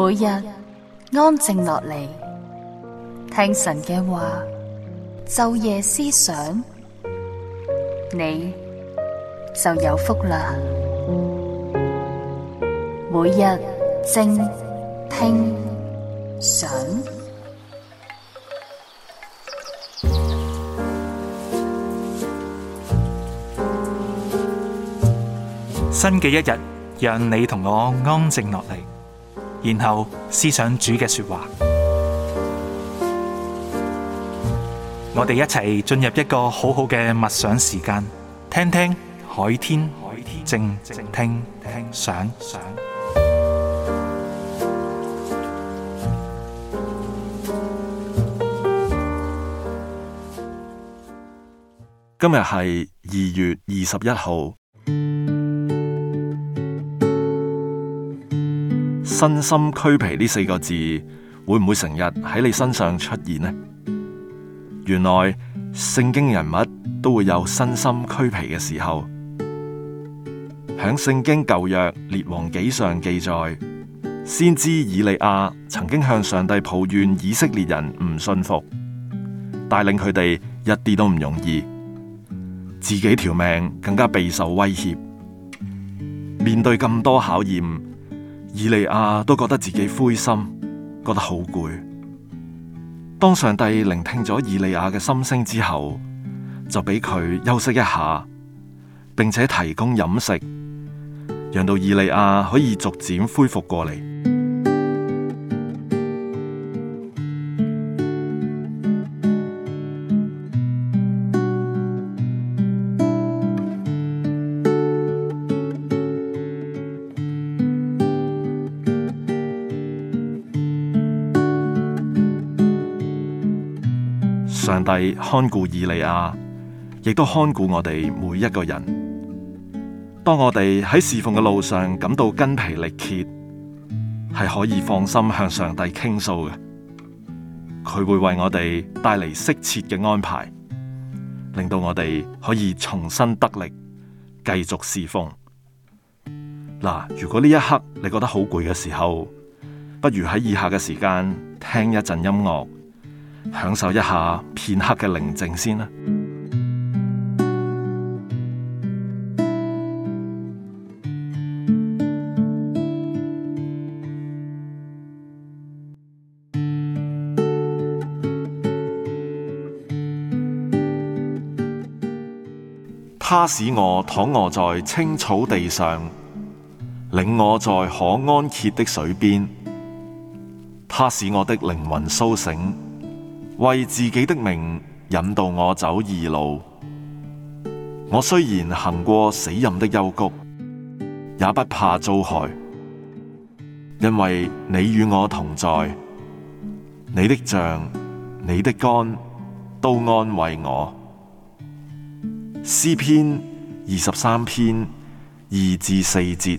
每日安靜落嚟，聽神嘅話，晝夜思想，你就有福啦。每日靜聽想，新嘅一日，讓你同我安靜落嚟。然後思想主嘅說話，嗯、我哋一齊進入一個好好嘅默想時間，聽聽海天靜聽想。今日係二月二十一號。身心俱疲呢四個字會唔會成日喺你身上出現呢？原來聖經人物都會有身心俱疲嘅時候。響聖經舊約列王紀上記載，先知以利亞曾經向上帝抱怨以色列人唔信服，帶領佢哋一啲都唔容易，自己條命更加備受威脅，面對咁多考驗。以利亞都覺得自己灰心，覺得好攰。當上帝聆聽咗以利亞嘅心聲之後，就畀佢休息一下，並且提供飲食，讓到以利亞可以逐漸恢復過嚟。上帝看顧以利亞，亦都看顧我哋每一個人。當我哋喺侍奉嘅路上感到筋疲力竭，係可以放心向上帝傾訴嘅，佢會為我哋帶嚟適切嘅安排，令到我哋可以重新得力，繼續侍奉。嗱，如果呢一刻你覺得好攰嘅時候，不如喺以下嘅時間聽一陣音樂。享受一下片刻嘅寧靜先啦。他使我躺臥在青草地上，領我在可安歇的水邊。他使我的靈魂蘇醒。為自己的名引導我走義路，我雖然行過死蔭的幽谷，也不怕遭害，因為你與我同在，你的杖、你的竿都安慰我。詩篇二十三篇二至四節。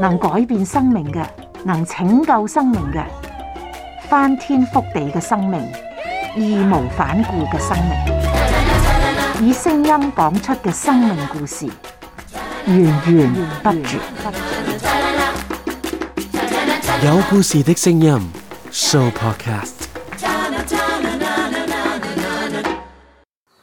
能改變生命嘅，能拯救生命嘅，翻天覆地嘅生命，義無反顧嘅生命，以聲音講出嘅生命故事，源源不絕。有故事的聲音，Show Podcast。